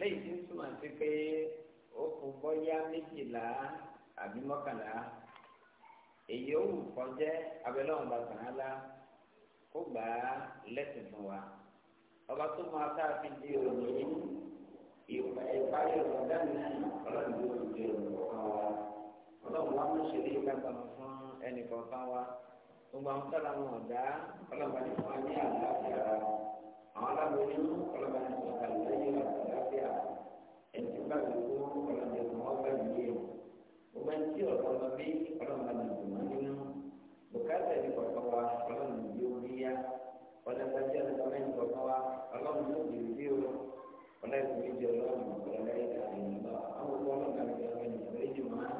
lẹ́yìn tí ń túmọ̀ sí pé ó kú bọ́yá méjìlá àbí mọ́kànlá èyí ó wù kọjá abẹ́lẹ́wọ̀n bàtà ńlá kó gbà á lẹ́sìn fún wa ọba tó máa tá a fi di òní ìparí ọ̀gá náà ọlọ́run yóò fi di òní kan wa ọlọ́run wa mú ṣe léyìn ká gbàmù fún ẹnì kọ̀ọ̀kan wa gbogbo àwọn tó làwọn ọ̀dá ọlọ́run bá ní fún wa ní àlàáfíà àwọn aláboyún ọlọ́run bá ní fún wa ní àlàáfíà ẹtì báyìí kó ọlọ́dẹ kan wọ́n bá yìí yẹ o máa ń tí ọ̀rọ̀ ọmọ bí ọlọ́mọ lè dùn wọ́n nínú bùkátà ní kọ̀ọ̀kan wa ọlọ́run ní yóò rí yá ọlọ́dájọ́ ọlọ́mọ ní kọ̀ọ̀kan wa ọlọ́run ló dì bí o ọlọ́run ní jẹ ọlọ́run ọlọ́run ní ìgbà àwọn ọlọ́run àti ọlọ́run ní ìgbà méjì máa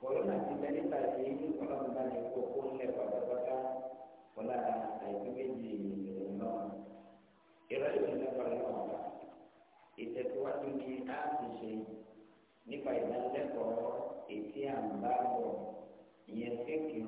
kọ̀ọ̀lọ́nà ti bẹ níta sí ọlọ́run bá ní kó kó ńlẹ̀ pátápátá ọlọ́run àìsí méjì ìrọ̀lẹ́ á ti ṣe nípa ìdánilẹ́kọ̀ọ́ ètí à ń bá bọ̀ ìyẹn kékeré.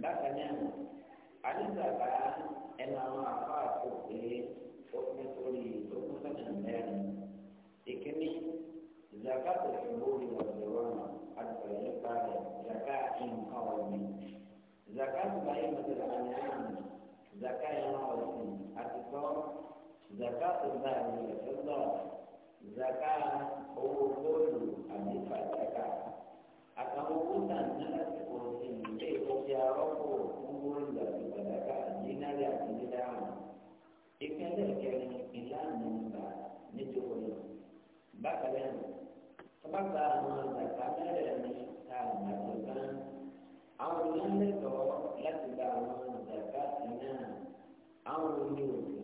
bákan náà adébàbà ẹnu àwọn afọ àpò pé ó pín sórí tó kún sọ́nà mẹ́rin ìkíní zakatu ìfowópamọ́ ìwọ̀sọ̀rọ̀ àtọ̀rọ̀ nípa rẹ̀ zaka nǹkan ọ̀gbìn zakatu báyìí mọ̀tẹ́lẹ̀ àmì àmì zaka ẹran ọ̀sìn àtìkọ́ zakatu báyìí ìfẹ́sọ̀ zaka owó góòlù àti fàtẹ́kà àtàwọn owó tà ní rọ́pò owó ìgbàlódàdàkà dínárì àti dídáàmù ìpínlẹ̀ kẹrin ìlànà ìgbà níjòkó yìí bákan náà tọ́ba gba àwọn àgbàkà mẹ́rẹ̀ ní ta àgbàdo kan àwọn olùyànlẹ́tọ̀ọ́ láti gba àwọn àgbàkà náà àwọn olùyànlẹ́tọ̀ọ́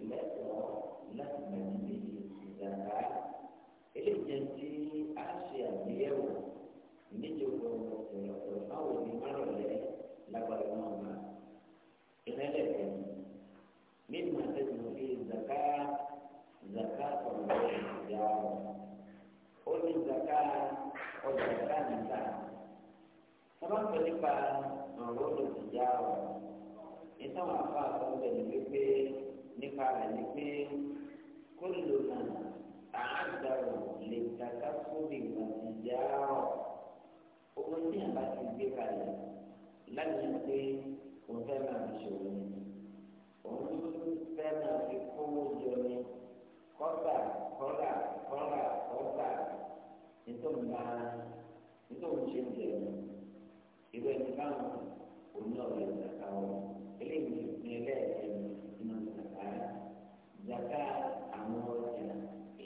wọ́n sọ nípa ọ̀rọ̀ olùdíjà ọ̀ nípa àwọn afọ àtọ́gbẹ̀ ní wípé nípa rẹ̀ ní pé kó lò náà àádọ́rọ̀ lè dàgbà sórí ìgbàdíjà ọ̀ owó tí àbá ti gbé kalẹ̀ láti pé òun fẹ́ máa fi ṣòro ni òun fẹ́ máa fi kówó jọ ni kọ́tà kọ́là kọ́là kọ́tà nítorí máa nítorí ṣe ń jẹun ìwé ẹni báwọn òní ọ̀rọ̀ ìzàkà wọn eléyìí ní ìpínlẹ̀ ẹ̀mí nínú ìzàkà rẹ̀ ìzàkà àwọn ọjà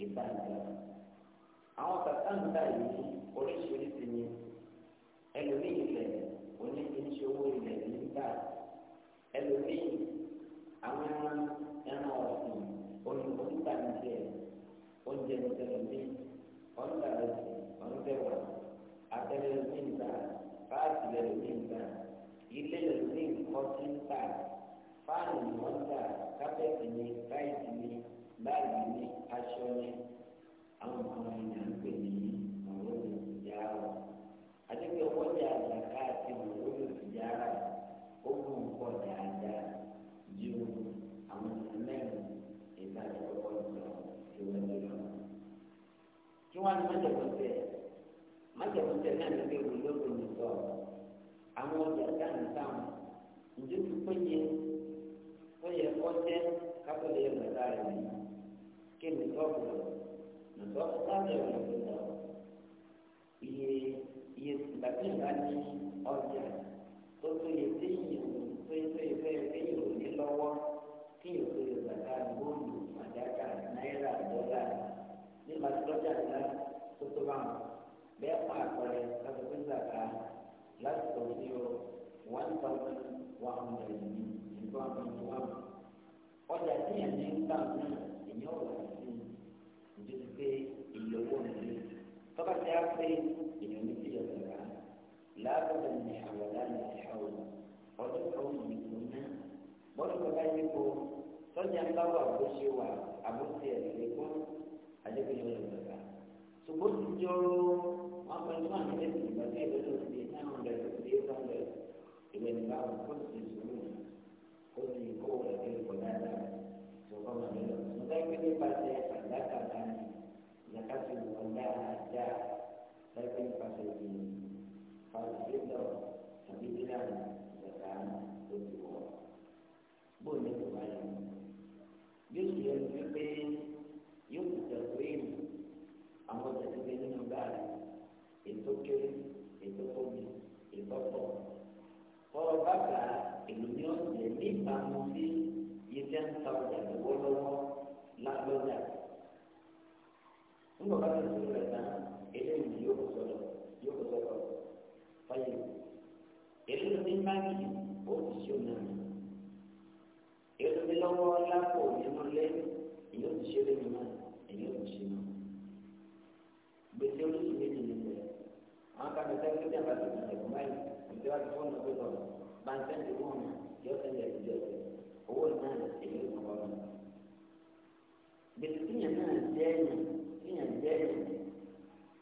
ìbàdàn. àwọn kàkà ń bá yìí oríṣiríṣi ni ẹlòmíì ilẹ̀ oníṣiríṣi owó ilẹ̀ nígbà ẹlòmíì àwọn ẹran ọ̀sìn onígbà nìjẹ́ oúnjẹ nìjẹ́ lòmíì ọ̀nbà lòmíì ọ̀nbẹ̀wà abẹ́rẹ́ lòmíì nìgbà àti lẹ́nu ní nǹkan ilé lẹ́nu ní nǹkan tí ń tà fáànù ni wọ́n ń tà kápẹ́ẹ̀tì ni táìsì ni báàgì ni aṣọ ni àwọn nǹkan wọn ni à ń pè ní mọ̀lúù ìjárà àti pé ọkọ̀ jẹ́ àgbàká àti mọ̀lúù ìjárà ó kún un dáadáa ju àwọn ìlú mẹ́rin ìta ìkọ̀kọ̀ lọ. kí wọ́n á ní májèkúntẹ̀ májèkúntẹ̀ náà ní pé wọ́n ló ń lò ní sọ̀rọ̀ àwọn ọjà dáhùn táwọn ǹjẹ́ ti pé yẹn yẹ kọ́ jẹ́ kápẹ́lẹ́ yẹn bàtà rẹ̀ ní kí ni tọ́pù rẹ̀ nìtọ́ sábẹ̀ rẹ̀ lọ́dọ̀ iye iye ìgbà tí ìgbà ní ọjà tẹ̀lé wọn nà yọ tẹ̀lé ìjọ rẹ̀ owó náà nà èyí ló kọ́ nà. Gbèsè tíyàn náà jẹ́ ẹ̀yàn tíyàn jẹ́ ẹ̀yàn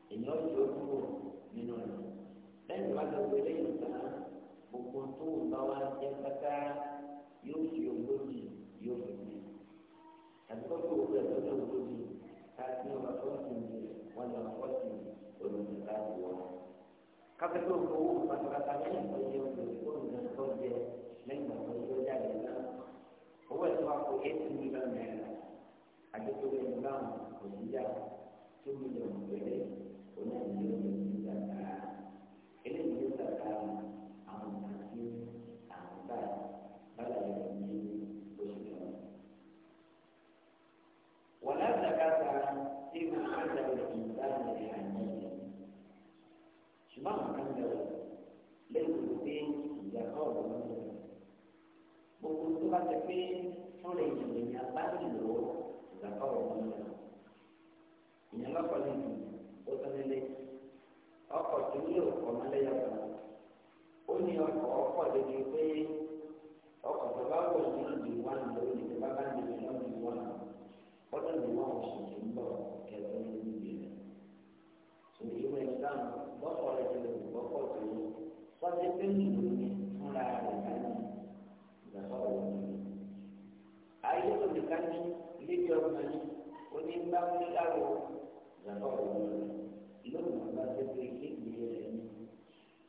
èyàn yóò kúrò nínú rẹ̀. Lẹ́yìn wá lọ wọlé yóò tán gbogbo tó ń bá wá jẹ́ pátá yóò fi olómi yóò fi mi. Tàbí kọ́ fún òwúrọ̀ tó ní olómi ká ní fọ́ọ̀tì mi wọ́n fọ́ọ̀tì olómi kápẹ́tọ̀ owó pátápátá lẹ́yìn tó yẹ olùkóòlù náà tó jẹ lẹ́yìn tó yẹ ọjà yẹn náà owó ẹ̀ tó eight million naira àdékòwé ẹ̀ náà kò ní two million péré kò náà ní ọjọ́ pé o zaka owó rẹ lónìí wọn bá ṣe pé kéde rẹ ní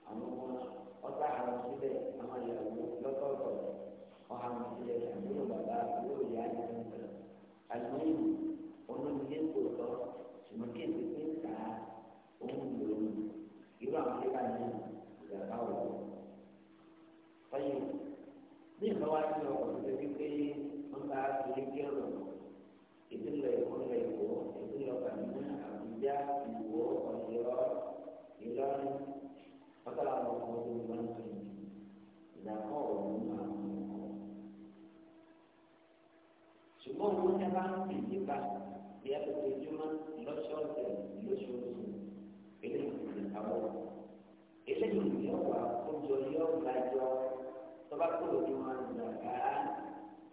àwọn ọmọ ọ̀tá àwọn sílẹ̀ àwọn ìyàwó lọ́tọ̀ọ̀tọ̀ ọhàn sílẹ̀ àbúrò bàbá àbúrò ìyá àti ẹgbẹ́ àlùmọ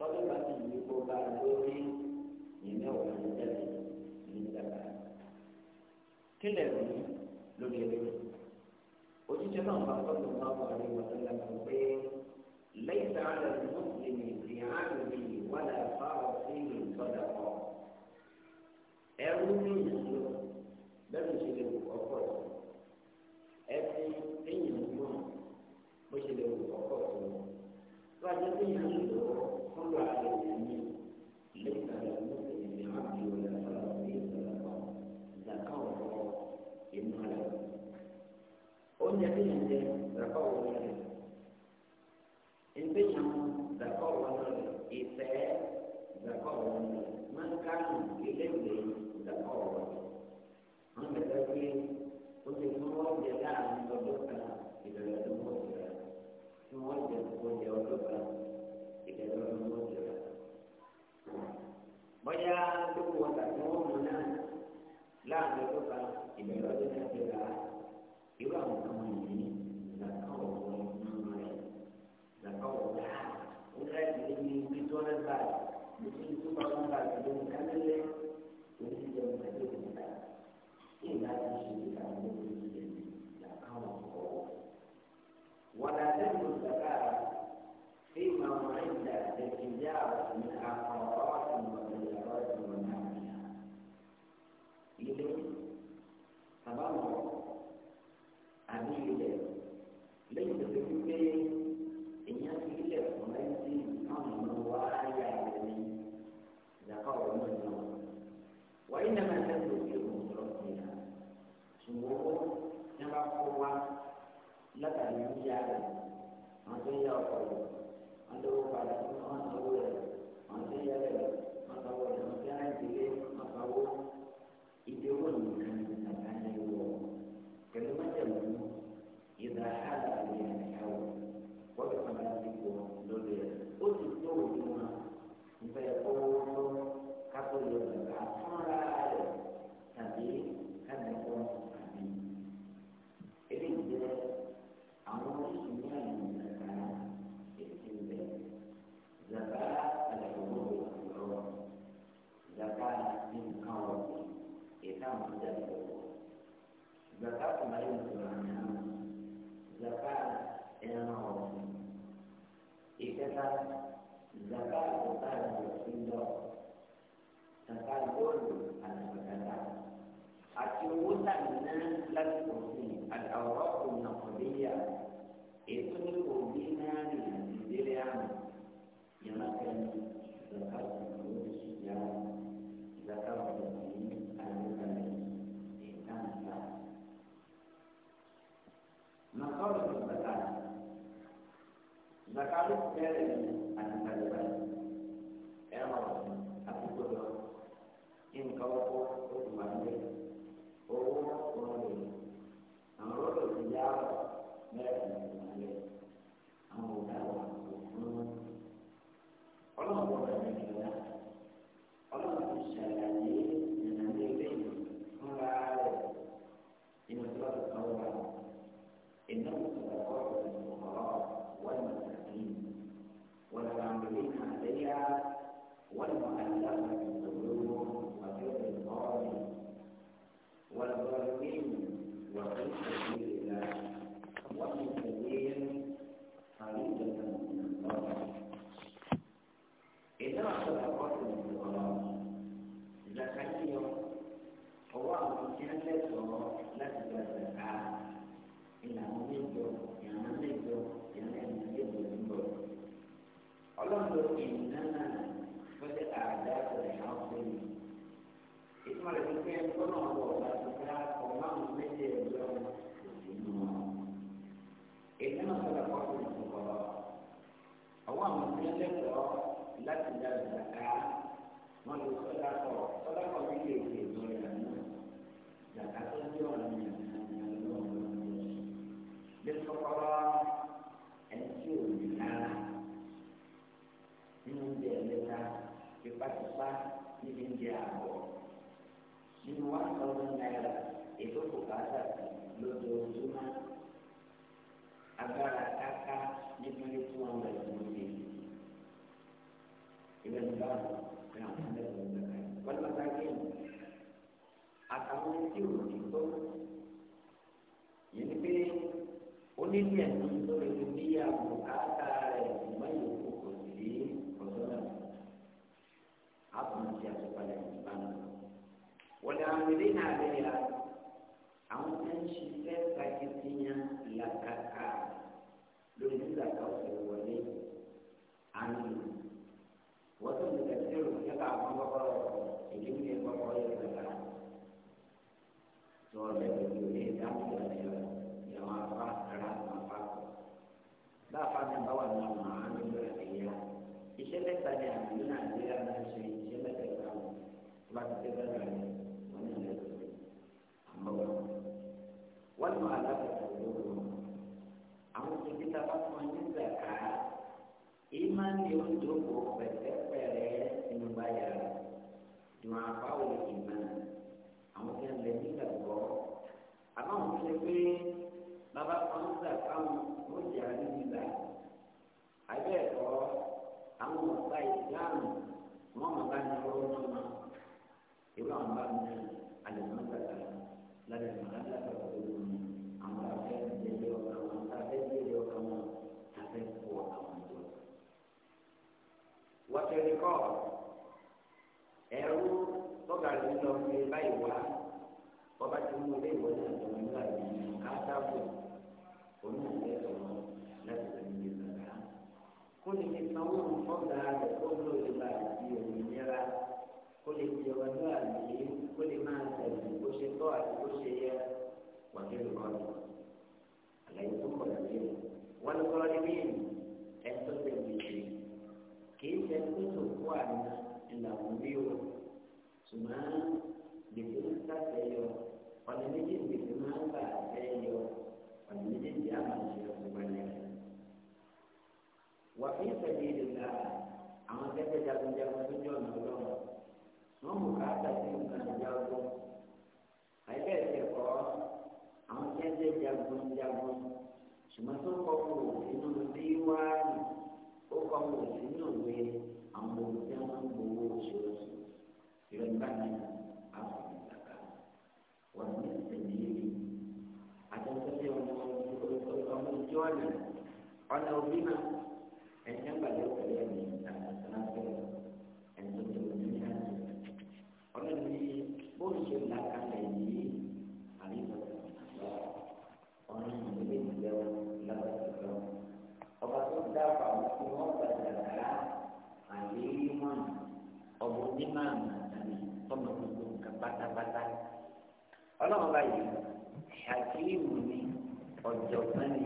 tọ́lú bá ti yí kó bá lórí ìmẹ́ òun jáde ní ìdàgbà. kílẹ̀ rí lórí ẹgbẹ́ òṣìṣẹ́ náà bá tọ́lú máa wà ní ìwọ̀sánlá kan pé lẹ́yìn sáárẹ̀ mùsùlùmí ti hàn mí wàlà fáwọn sí ìtọ́jà kan. ẹrú ní bóyá gbogbo wọn tàbí wọn mú náà láàrin ọdún kan ìbẹ̀rẹ̀ ọdún náà ti ra irú àwọn kan wọn yìí làkàwọ̀ wọn nínú rẹ̀ làkàwọ̀ wọn á wọn rẹ̀ ti ní bí tó rẹ̀ bá bí tó tó bá wọn bá ti lóun kálẹ̀ lẹ́ òun ti jẹun tàbí òun ìgbà tó ṣe é Yeah. nínú one thousand naira ètò kò bá dà sí lójoojúmọ́ agbára káká nítorí two hundred lóde ìwé ní báwọn ní akan ẹgbẹ́ ìgbà kan wọ́n lọ bá géèmù àtàwọn tí àmìlínà àbẹ̀yà àwọn tó ń ṣiṣẹ́ sakitiyan làkàkà lórí ìdàgbàsókè wọlé àmì. ma báwo ìmọ̀ àwọn tí a lè ní ìgbàgbọ́ àmọ́ àwọn tó ṣe pé bàbá kan ń gbà fáwọn ó jẹ́ àríwígbà àbẹ́ ẹ̀kọ́ àwọn ọ̀gá ìsìláàmù wọ́n mọ̀ bá ní ọwọ́ náà mọ̀ ìwé àwọn bá mi àlè mọ́ gbàgbà lálẹ́ mọ́ lálẹ́ àgbàgbà tọ́ka rẹ̀ lọ pé báyìí wá ọba tí mo lé ìwọ náà lọ́wọ́ nígbà yìí káàtàbọ̀ oníṣẹ́ ọ̀rọ̀ láti fi lè sàkà. kó lè fi sanwó ọ̀gá rẹ̀ ó lò lè bá àti òmìnira kó lè fi ọ̀rọ̀ náà lè kó lè máa tẹ̀lé bó ṣe tọ́ àti bó ṣe yẹ wàkẹ́lù kan lọ. àlàyé tó kọ̀ láti rẹ̀ wọ́n lọ sọ́ọ́ ní bíyìn ẹ̀ tẹ̀lé kì í ṣe tó tó kó àná ìlànà bí ó ṣùgbọ́n gbèsè ń sàṣẹ yọ ọ̀nà méjì gbèsè máa ń bà yọ méjì tí a máa ṣe ọ̀gbọ̀n yẹn. wà fi àwọn tẹ́tẹ́ jagunjagun tó jọ ọ̀nà ọlọ́run wọ́n mú ká àtàkùn nǹkan ìjà àwọn tẹ́tẹ́ jagunjagun tó kọ́ bí ó kọ́ ìwé àwọn gbòó ìrẹ̀lẹ́gbàdì àwọn ìgbàgbà wọn ní ìsẹ̀yìn àtẹ̀sẹ̀sẹ̀ ọmọ ìjọ ọ̀nà ọ̀nà òbí náà ẹ̀jẹ̀ gbàgbé pẹ̀lú ẹ̀mí àtàkùnà bẹ̀rẹ̀ ẹ̀jẹ̀ tó ń bí náà ọ̀nà ní bóyá ṣe là kalẹ̀ yìí àríwá ọ̀nà ìdílé ìjẹun lọ́wọ́ pátápátá ọlọ́run báyìí ṣàkíyèwò ni ọ̀jọ̀gbọ́n ni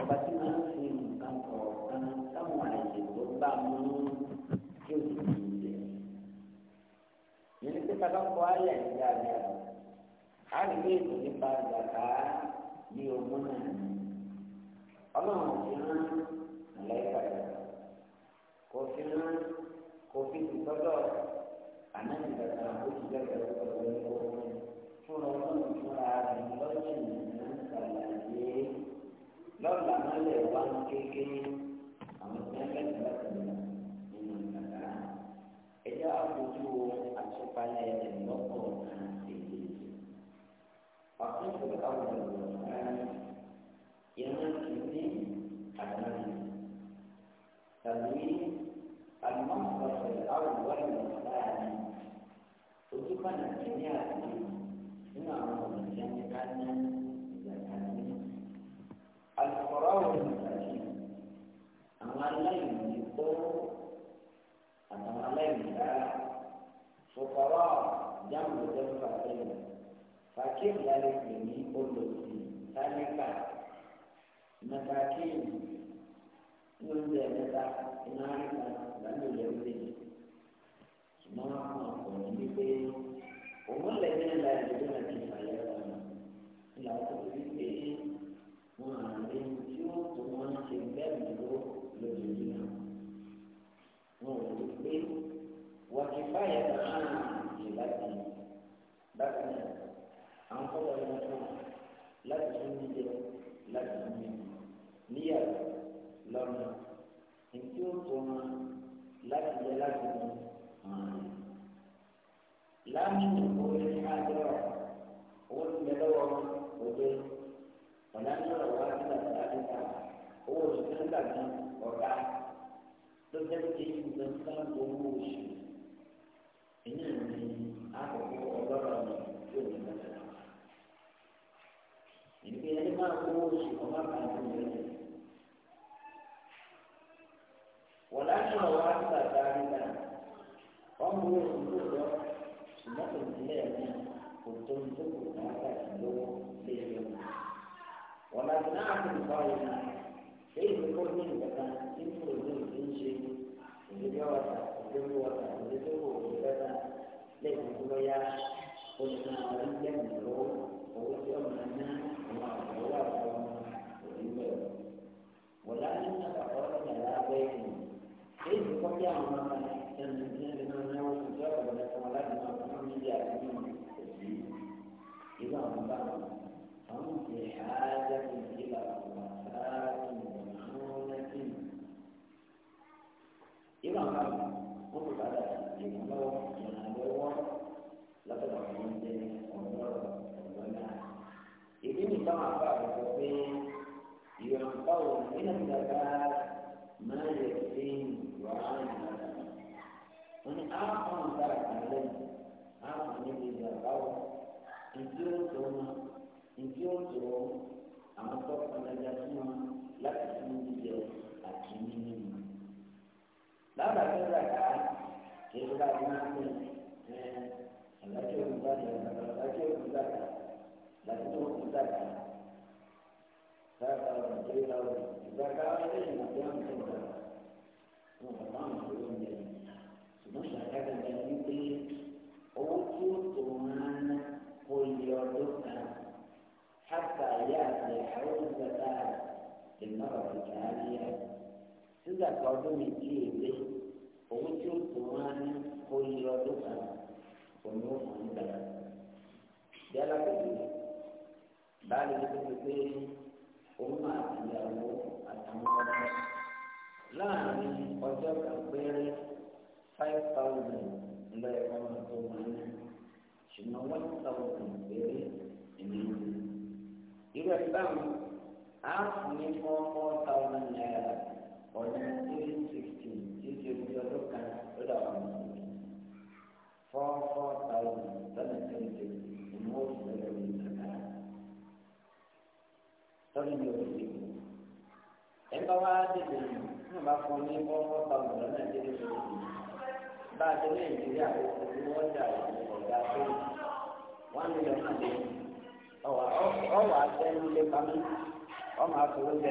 ọba tí wọ́n ń fi nǹkan kọ̀ọ̀kan táwọn àyè tó bá mú kí o sì fi ilẹ̀. ìrètí bàbá kọ ayé ìyá mi àná a ètò nípa gbàgbá bí ogún náà ọlọ́run láti jẹ láti mú láàmì orí àjọ owó ti bẹ lọ́wọ́ òde ọ̀nà ní ọ̀rọ̀ wá sí àti àdìsá owó oṣù tó ń gbà ní ọ̀gá tó jẹ́ pé ìgbà tí wọ́n ń gbowó oṣù ìyá mi àkọ́kọ́ ọlọ́rọ̀ mi tó ní ìgbà tó ń ìgbìyànjú máa ń gbowó oṣù ọmọ àgbà tó wọ́n láti náà kò ní báwo ní èyí tó kó ní ìgbàgbà tí kò ní ìdí ń ṣe ìdílé ọ̀tà ìdílé ọ̀tà ìdílé òwò ìgbàgbà lẹ́yìn tó lọ́yà oṣù náà rí lẹ́yìn lọ́wọ́ owó tí ọmọ náà ní àwọn àgbẹ̀wò àgbọ̀ òní bẹ̀rẹ̀ wọ́n láti náà kàkọ́ ní àlá abẹ́yìn èyí tó kọ́ bí àwọn ọmọ ẹni tí wọ́n هم حاجة إلى وفاة ومعونة إذا قال وقف على جنوب جنوب لقد عملت أمور ربنا إذن كما قال يعطون من الزكاة ما يكفيهم وعن من أعظم درجة عليه أعظم من الزكاة إن كنتم ìdí òtò àwọn tó kọlẹ́jà fún wọn láti fún jíjẹ àti mímí wọn. lábà tó rà ká kí ló bá wọn pè ẹ ọ̀làjọ́ òkúta ọ̀làjọ́ òkúta láti tó òkúta ká sábà ọ̀rọ̀ tó yẹ ọ̀rọ̀ ìgbà ká ọ̀rẹ́ ìgbà tó ń tó ń bọ̀ wọn kò bá wọn tó ń bẹ̀ ṣùgbọ́n ṣàkàtà bẹ́ẹ̀. ṣùgbọ́n wọ́n ti sọ wọn kàn péré ẹ̀mí ìlú. irú ẹ̀ báwọn á fún ní four four thousand naira ọ̀nà three sixteen tí ṣe fi ọdún kan lọ́dọ̀ àwọn mùsùlùmí. four four thousand lọ́nà three ni wọ́n fi lọ́dọ̀ ní ìtàkà. tọ́lú ni o ti kú. ẹ̀ bá wá dìde nù ní ìbá fún ní four four thousand lọ́nà three sixteen. bá a ti ní nàìjíríà ni wọ́n dà ọ̀gá tó wọ́n ní lọ́nà lé ọwọ́ àtẹ́nu lé pamọ́ ọmọ àfọwọ́ jẹ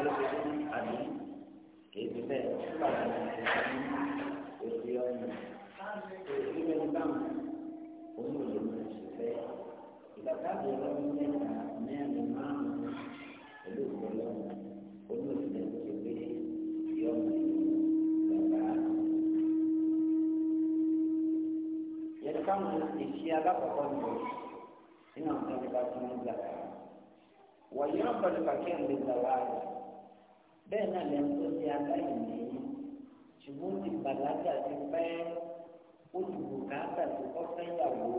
alákọ̀ọ́kọ́ ni nínú àwọn ẹni bá tún ní gbàgbà wọ̀nyí wọn gbọdọ̀ kàkí ẹ̀mí gbàgbà rẹ̀ bẹ́ẹ̀ náà lẹ́nu tó di aláìní ṣùgbọ́n ti bàlágà ti pẹ́ ó ti bù káàtà tó kọ́ fẹ́ yàwó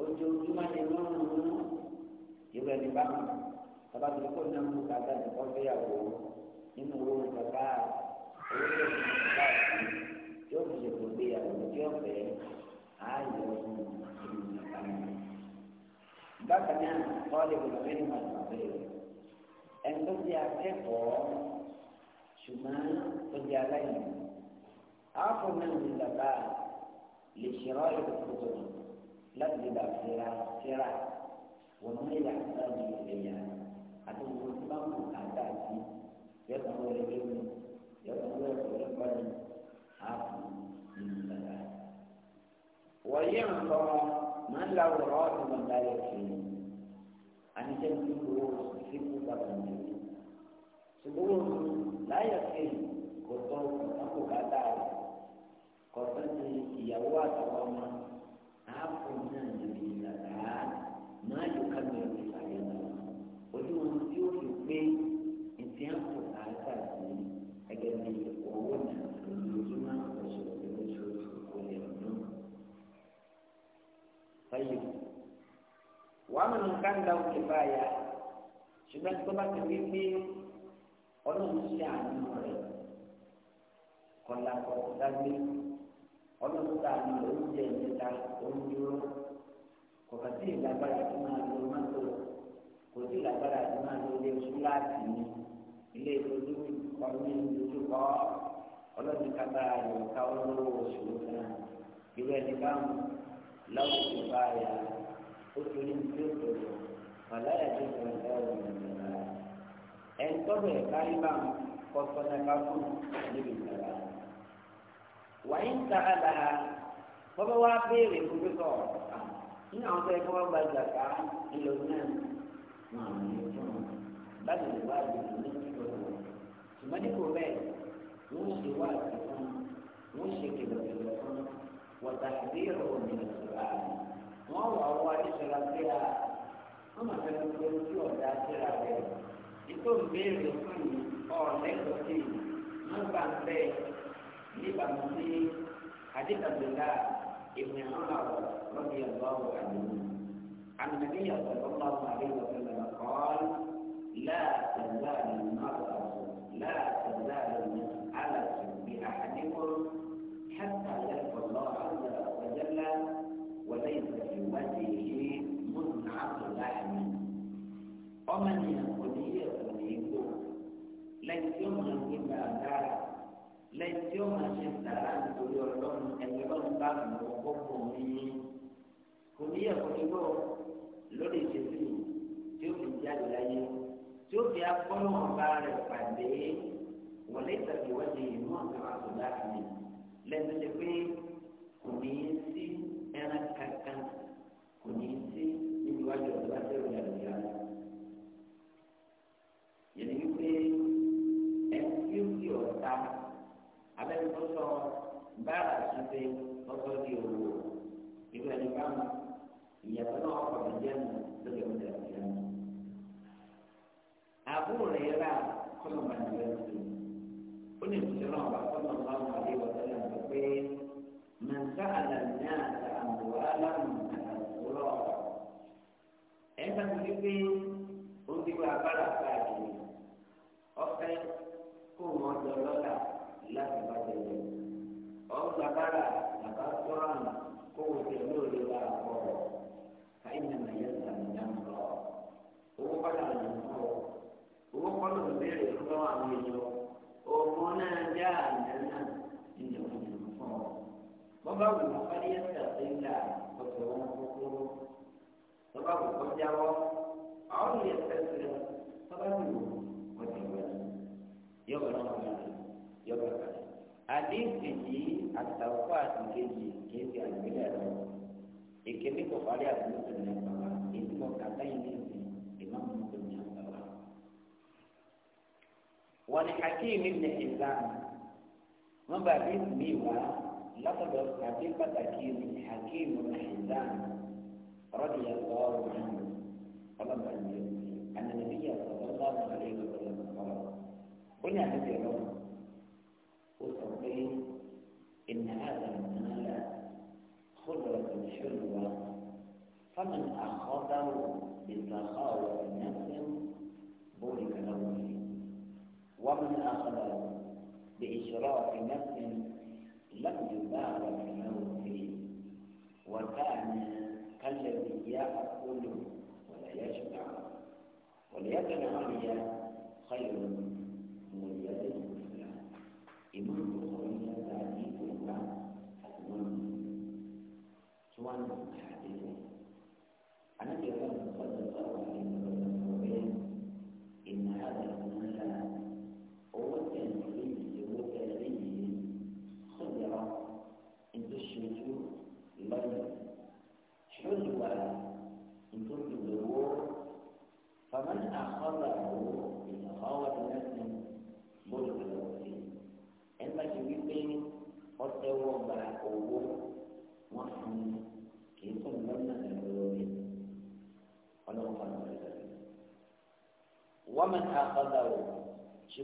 ojoojúmọ́ ni wọ́n ń mú ìwé ẹni bá mọ̀ bàbá tó kọ́ náà mú káàtà tó kọ́ fẹ́ yàwó nínú owó bàbá owó tó ń bá ọ̀sán yóò fi ṣètò gbéyàwó tí ó fẹ́ ààyè ọ̀sán bákan náà wọ́n lè wọlé nínú àgbàgbé ẹni tó di akẹ́kọ̀ọ́ ṣùgbọ́n tó di aláìní. àáfò náà ní bàbá lè ṣèrọ́ ìdókòtò láti lè bàbá síra síra wọ́n mú ìyá sáájú ìrẹ̀yà àti wọ́n ti bá mú àdá sí yóò tó wọlé kéwì yóò tó wọlé kéwì kọ́ni àáfò nínú bàbá. wọ́n yé nǹkan. من له رأس من لا يكفيه أن تملك رؤوس تحب وتملك سبوس لا يكفيه kòtò kò kàtà rẹ kòtò ti ìyàwó àtàwọn ọmọ àpò náà níbi tayyib wàá mọ̀ nǹkan ń da òkè báyà ṣùgbọ́n tó bá ti rí pé ọlọ́run ṣe àánú rẹ̀ kọ̀là kọ̀ọ̀dágbé kò kà sí ìlágbára tó máa lo mọ́tò kò sí ìlágbára tó máa lo ilé oṣù láti ní ilé ìtọ́jú ọmọ ìlú kọ́ ká oṣù láwọn ti bá a yà ó torí tí ó tó lọ màláyà tó lọ ẹ ò ní ìlera ẹ ń tọ́jú ẹ̀ka ibà kọ́sọ́ nípa fún níbi ìlera wàyí ń ta àlà bọ́bá wa béèrè fún pípọ̀ ah, nínú àwọn tó yẹ kí wọ́n gba ìgbàgbá ńlọ náà wọn àwọn yóò láti lè wá ìgbà ní ìgbà wọn ṣùgbọ́n dípò bẹ́ẹ̀ wọ́n ṣe wá ìgbà fún wọ́n ṣe kìlọ̀ kìlọ̀ fún wọ́n ta àdéhùn òmìnira. àlùkùránì wọ́n wà wá ìṣọ̀rọ̀ síra wọ́n mọ̀ fẹ́ lóko ojú ọ̀dà síra rẹ̀ ètò ìbéèrè fún mi ọ̀lẹ́dọ̀ sí i wọ́n gbà ń bẹ́ níbàámu sí àdìgbàgbèlà ìwé ọ̀nà lọ́dí ọ̀gbọ́n àdìgbò ànàbí ọ̀gbọ́n ọ̀gbọ́n àdìgbò قال لا تزال المرأة لا تزال على بأحدكم ọmọ ènìyàn kò ní yẹ kò ní gbò lẹ́yìn tí ó máa ń gbé gbàgbára lẹ́yìn tí ó máa ṣe sàrà nítorí ọlọ́run ẹgbẹ́ ọlọ́run bá mú ọkọ̀ pọ̀ ní kò ní yẹ kò ní gbò lórí ìṣesí tí ó fi jáde láyé tí ó fi akọ́nà ọba rẹ̀ pàdé wọlé ìtàgé wájú ìlú ọ̀sán àtúndà mi lẹ́nu ṣe pé kò ní sí ẹran kankan kò ní sí. àti sọ́sọ bára ṣíṣe ọ̀sọ́ di òwò ìwé ẹni bámu ìyàtọ̀ náà ọkọ̀ mi jẹ́ mu lórí ọ̀dẹ̀ ọ̀dẹ̀ mu. àbúrò rẹ̀ rà kọ́nà máa ń yọ sí i ó lè tún náà wà kọ́nà máa ń wà lé wọ́n tẹ́lẹ̀ sọ pé màǹkà àlàyé àti àmúwá láwùn àtàkùrọ̀ ẹ̀ ń bá ti pé ó ti wá bára káàkiri ọ̀fẹ́ kó wọ́n jọ lọ́la láti bá tẹ̀lé ọgbà bára bàbá sọ́ra nù kó o tẹ̀ lóore bá a kọ̀ ọ́ káyìn nàmà yẹn sàmì dáná lọ. owó padà lè fún ọ owó kọ́lọ̀ ń béèrè fún lọ́wọ́ àwọn èèyàn ọmọ náà yá àná náà ìyẹn wọn lè fún ọ. wọ́n bá wù wọ́n fẹ́ yẹn sàfẹ́ ńlá ọ̀sẹ̀ wọn kúkúrú. wọ́n bá wù kọ́ jáwọ́ àwọn yẹn fẹ́ wọ́n bá wù wọ́n tẹ̀wé yọ̀ọ̀ náà wọ́n yọba kalẹ̀ àdéhùn yìí àtàkọ àtìkéjì kìí ṣe àgbélé ẹ̀rọ ìkéde kò parí àdúgbò tó ní àgbàwá èyí mọ kàtá yìí ní ìsìn ìmáàmù tó ní àgbàwá. wọn ni hakeem ibn hizam wọn bá bí mi wá látọ̀dọ̀ tàbí pàtàkì ní hakeem ibn hizam radiyallahu anhu ọlọ́mọdé ànàmíyà sallallahu alaihi wa sallam ó ní àdéhùn ẹ̀rọ. إن هذا المال خضرة حلوة فمن أخذه بسخاوة نفس بورك له فيه ومن أخذه بإشراف نفس لم يبارك له فيه وكان كالذي يأكل ولا يشبع وليكن علي خير من يده إمام animals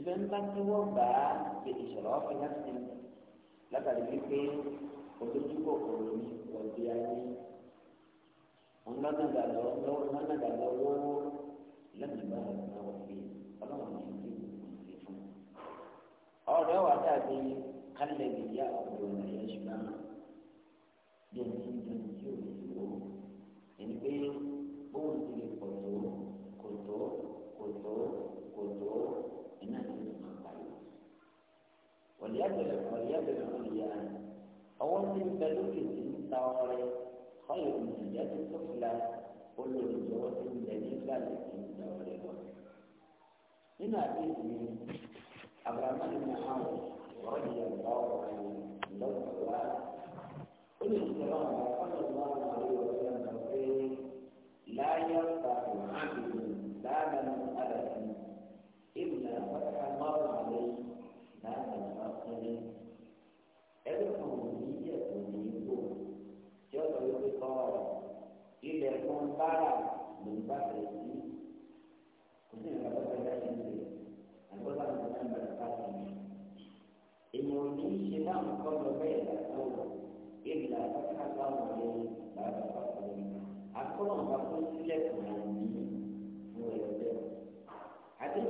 ṣùgbọ́n bá tí wọ́n bá ṣe ìṣòro ọ̀fẹ́ láti látàrí wípé olùdókòwò ti ń bẹ nígbà tí kì í dá ọ̀rẹ́ lọ. nínú àdéhùn mi abrahamu ní àwọn ọ̀rọ̀ yìí ọ̀gá ọ̀rọ̀ yìí lọ́wọ́ wa olùdókòwò àwọn ọ̀rọ̀ yìí wọ́n ń sọ pé láyé ọ̀tà kò hàn mí. ń bá rà ló ń bá rẹ̀ sí kò sí ìgbà lọ́sẹ̀ láti ń bẹ̀ àgbọ̀dá ń bá ń bẹ̀rẹ̀ láti ń bẹ̀. èèyàn ò ní ṣe dáhùn kọ́ lọ bẹ́ẹ̀ lásánwó èmi là bá ká sáwọn ọ̀rẹ́ bàbá bá kọ́ mi. àkọ́rọ̀ ń bá kó sílẹ̀ kàn án ní fún ẹgbẹ́. adé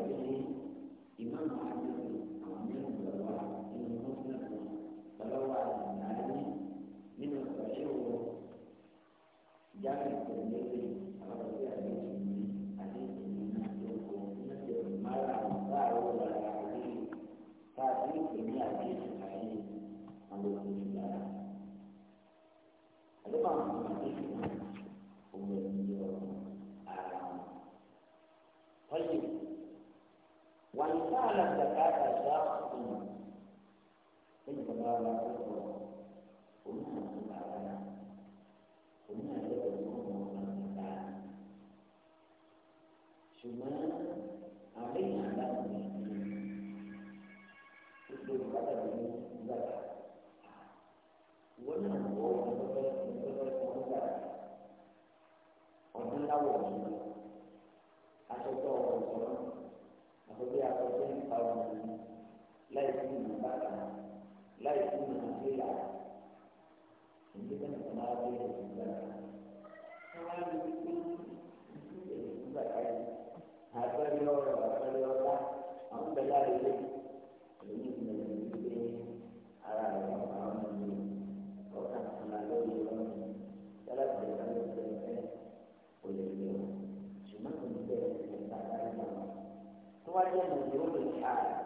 wá jẹ́ mọ̀lẹ́ ó lè ṣá rẹ̀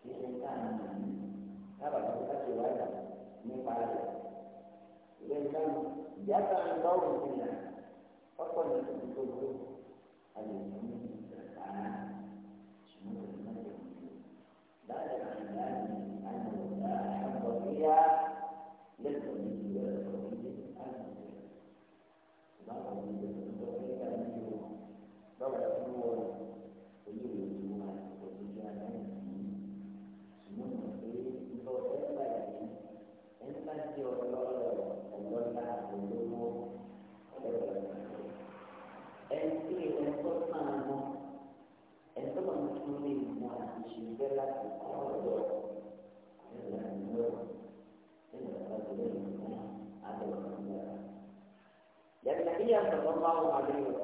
kí ṣe ń tà ní lábàtà tó káṣí wá dà nípa rẹ̀. ìwé nǹkan ìyá kan lọ́wọ́ ìpínlẹ̀ ọ̀pọ̀ ní ìdókòwò àlejò ní الله عليه وسلم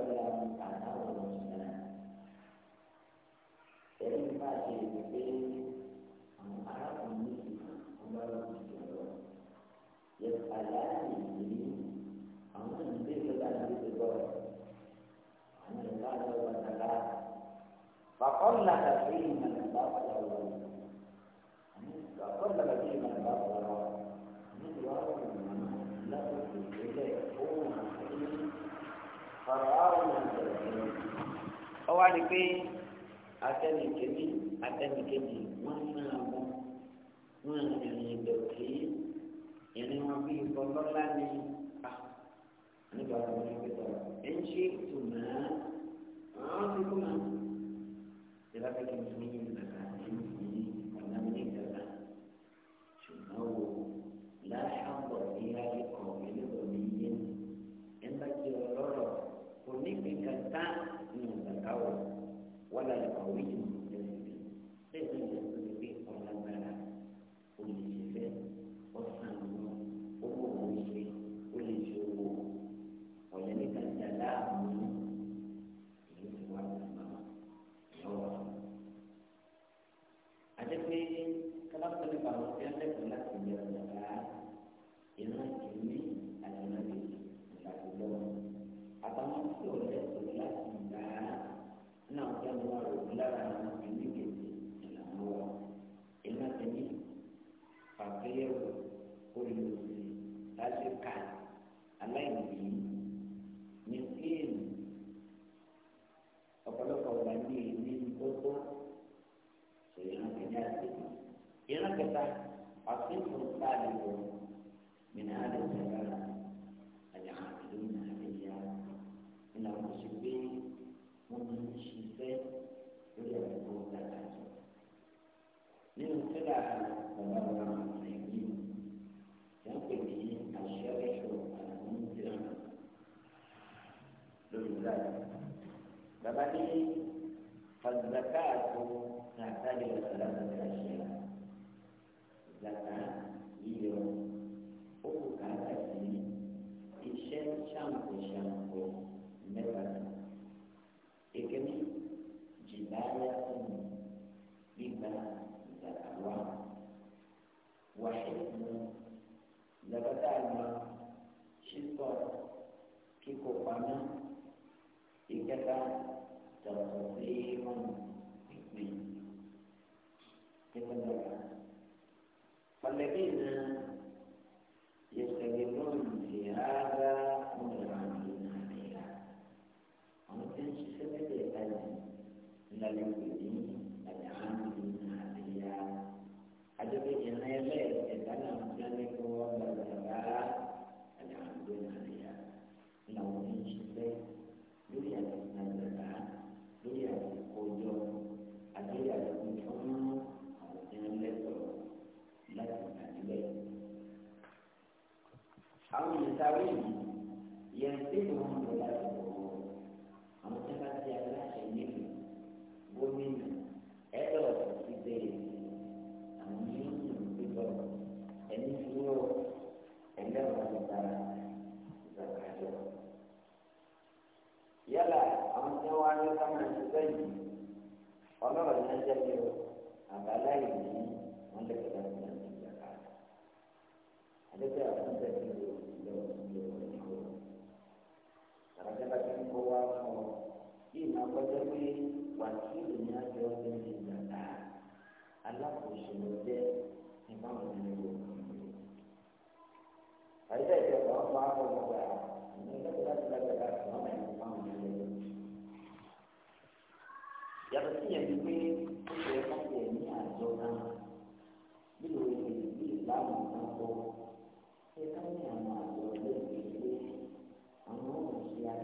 rí pé atẹnikẹ́ni atẹnikẹ́ni wọ́n náà mọ́ wọ́n rìnrìn ìdọ̀tí ìrìn wọn bíi bọ́lọ́lá ni a nígbà wọn ní pẹ̀lú ẹ̀ ń ṣe ìtumọ̀ ọ́n ti kú náà ìlàkẹ́kẹ́ mi ní ìlànà. sísọ kíkó paná ìkẹta tọ̀tọ̀ sí wọn pípé nípa dọ̀la. Pàlẹ́bí náà.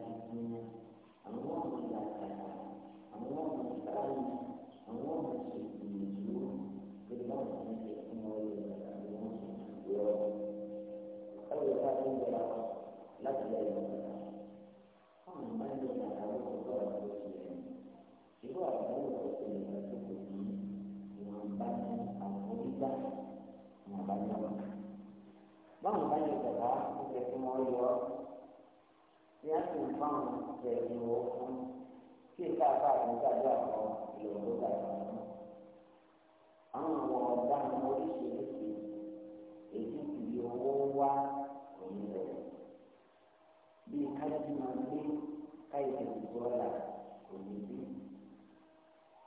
Thank you. kí ká bá àwọn gbàgbé àwọn ìrọ̀lú gbàgbé wọn. àwọn àwọn ọ̀daràn oríṣiríṣi èyí ti owó wá òní rẹ̀. bí káyọ̀tì máa gbé káyọ̀tì ìgbọ́ ọ̀la òní bí.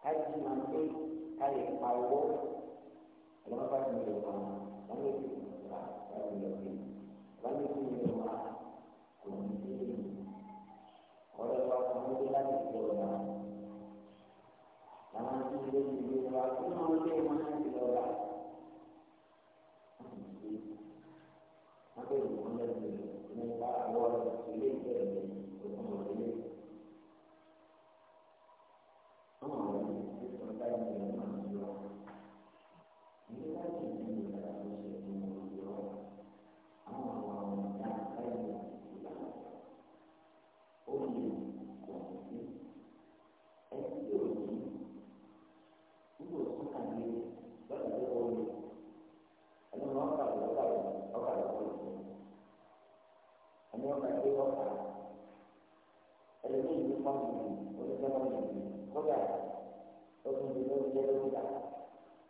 káyọ̀tì máa gbé káyọ̀tì pa owó ọlọ́mọba ti lè wà wọ́n lè fi ìgbà wọ́n lè fi wọ́n lè fi ìgbà. gbogbo ìlú wa fún àwọn ọmọdé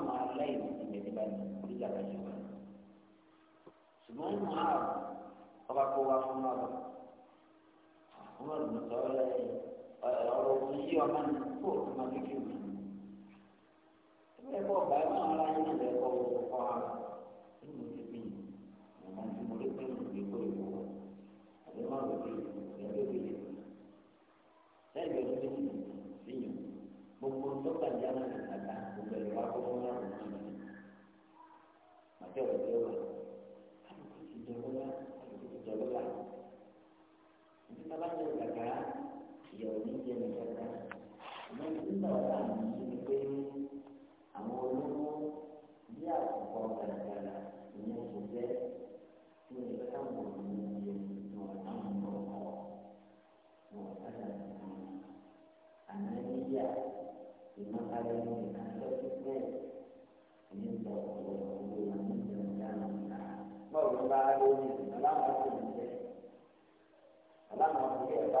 àwọn aláìní ìgbẹ́ nígbà tí ìjà bá ṣe wà. ṣùgbọ́n ìmọ̀ àrùn ọba kó wa fún ọ̀rọ̀ àwọn olùmọ̀tọ́ ọ̀rọ̀ òfin yí ọmọ ní kó ọmọ kékeré mi. ẹgbẹ́ kọ́ ọ̀gá ẹ̀rọ àwọn aláìní ìgbẹ́ kọ́ ọ̀rọ̀ kọ́ ọ̀rọ̀ nínú ti bí ọmọ tí mo rí pé mo lè kó ìwọ àbí má lè fi ìyàgbé mi lè fi. lẹ́yìn ìgbẹ́ tó ti sèyàn gbogbo tó kàjá náà tí ọ̀rọ̀ yẹn wà kálukú ti jọlọ́lá kálukú ti jọlọ́lá ìdí tábàjẹ́ ìgbàgbá ìyàwó bá lórí ìdùnnú aláwọ̀ àti ìdùnnú jẹ́ aláwọ̀ àti ìyẹ̀bá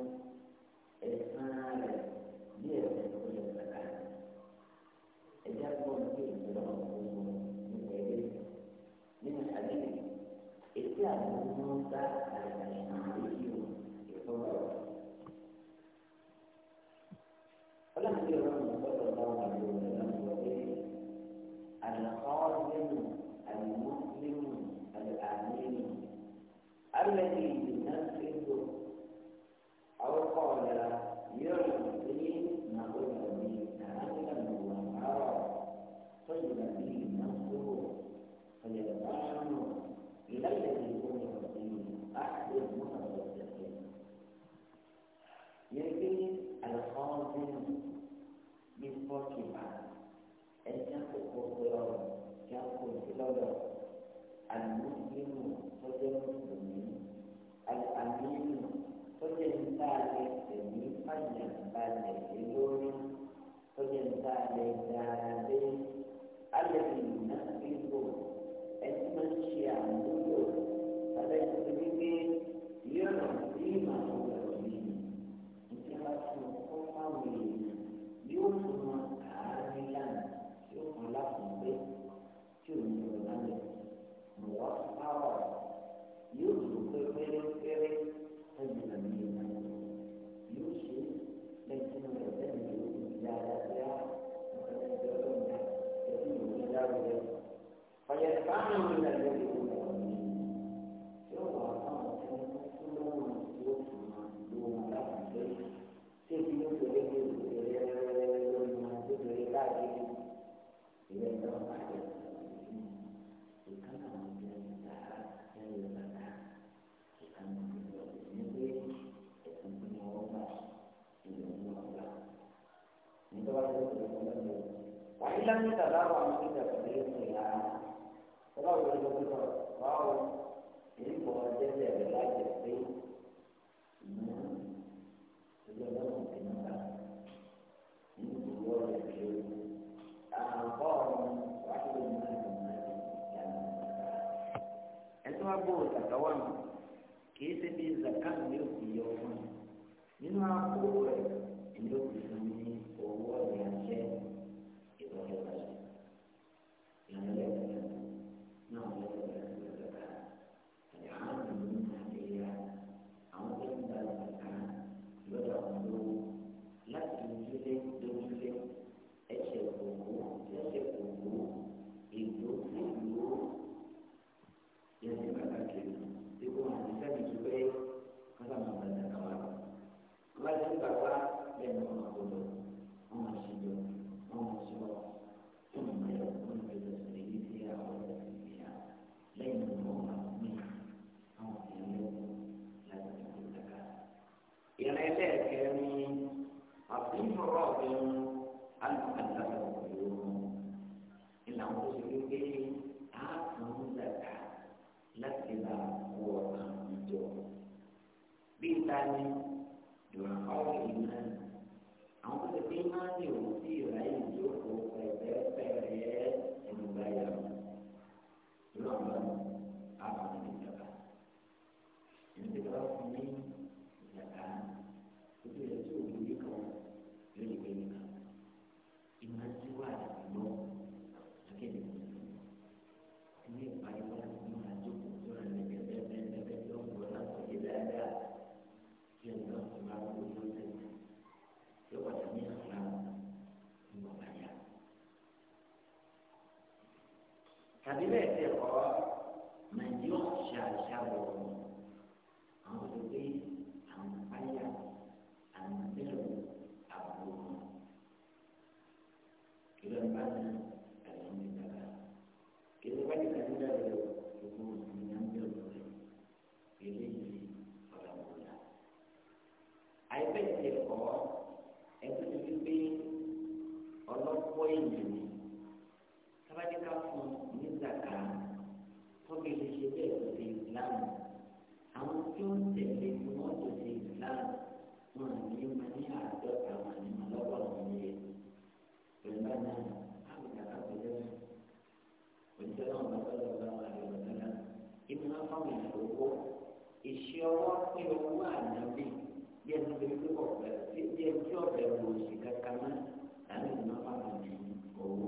gbàgbọ́ òsì kankan náà láti ní wọn máa ní owó.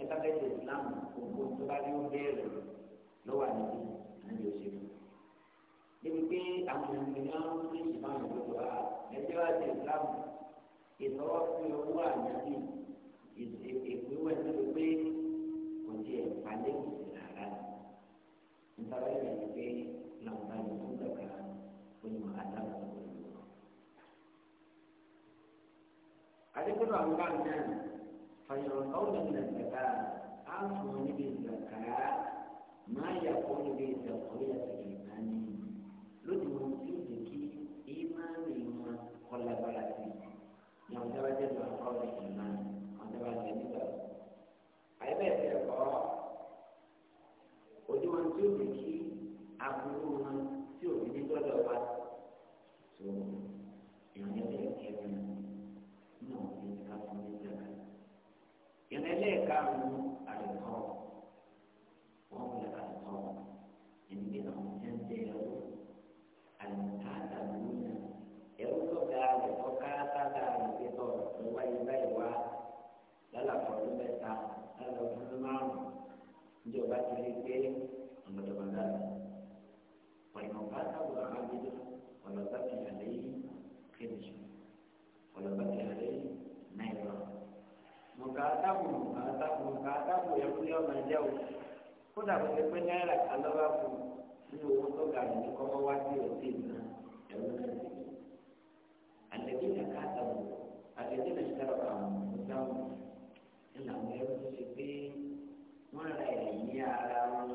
ẹ bá fẹ́ ṣe Islam gbogbo tó bá ní ó béèrè ló wà níbi níbi òṣèlú. débi pé àwọn ènìyàn ń fi ìṣìmọ̀ ìgbòho wa ẹgbẹ́ wa ṣe Islam ìtọ́wọ́ fi owó àyàbí ìpínwẹ̀ tó lè pé kò tiẹ̀ palẹ́ ìsìn àrà nítorí ẹ̀ pé làwọn bá yẹ fún kankan ó ní wọn á dábàá. àdékòtò àbúrò àbúrò náà fàyọ̀rọ̀ káwọn ènìyàn gbẹ̀gbà á níbi tábù kàá tábù kàá tábù yẹ kó yọ ọmọ ẹjẹ o kódà kó lè pé náírà kan lọ́wọ́ kù ní owó tó ga ní kọ́kọ́ wá sí òsì náà ẹ̀rọ náà sì kí. àtẹ̀kí ní ká tábù àtẹ̀kí ní sọ̀rọ̀ àwọn ọ̀dọ́mù ńlá wọn ẹ̀rọ tó ṣe pé wọ́n ra ẹ̀mí ara wọn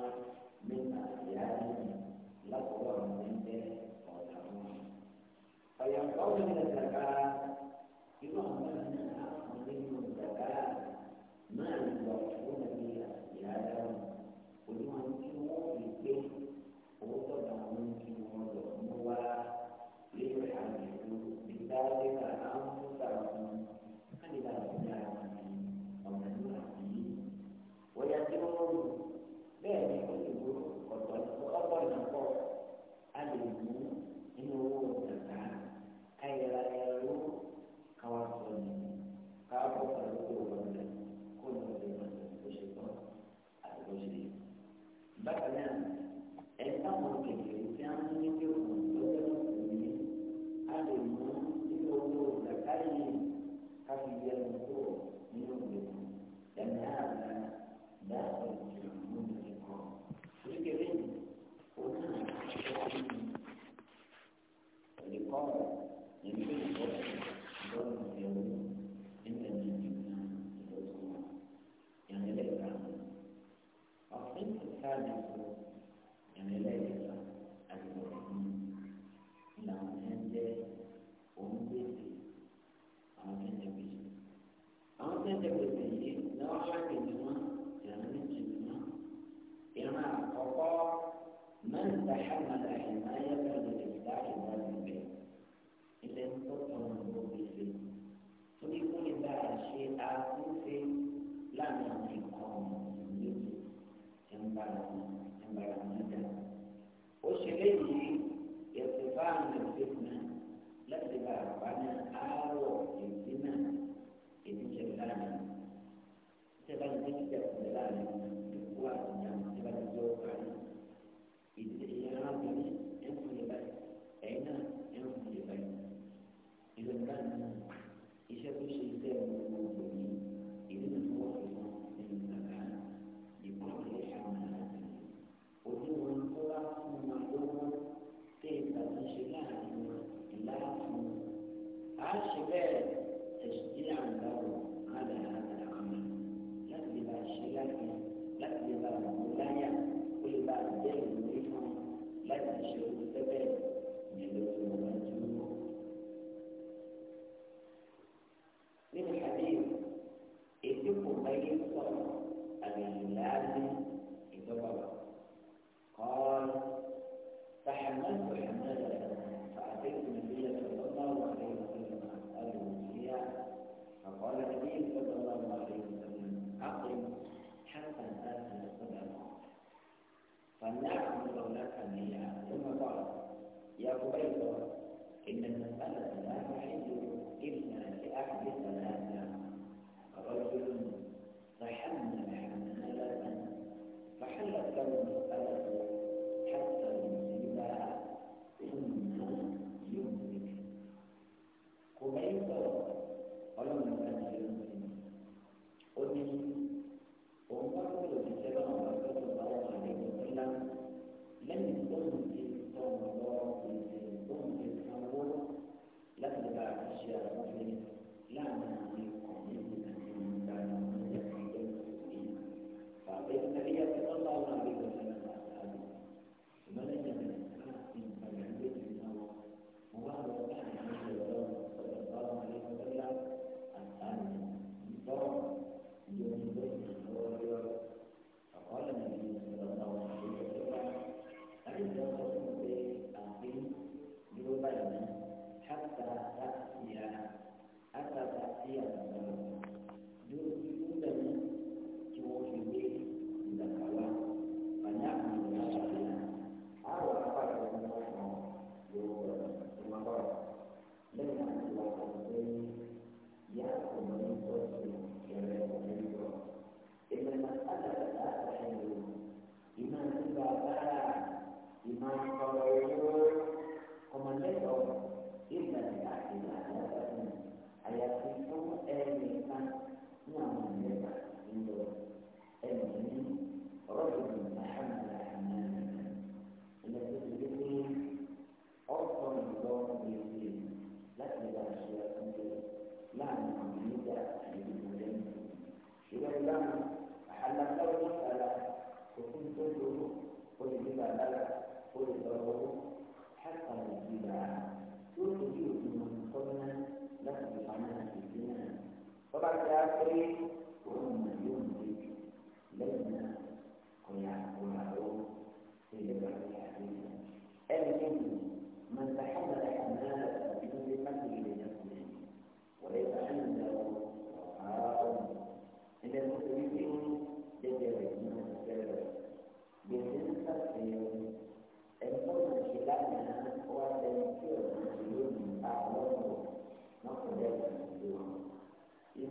nígbà ìyá nínú lákòókò àwọn ẹgbẹ́ ọ̀dà wọn. ọ̀yàǹkọ́ wọn ní ẹ̀sẹ̀ ká irú àwọn ما يرجعون في لهذا environmental. Ushiriki irtifaa na fitna lazima kufanya aro fitna ibichelani. Sasa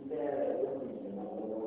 Thank you.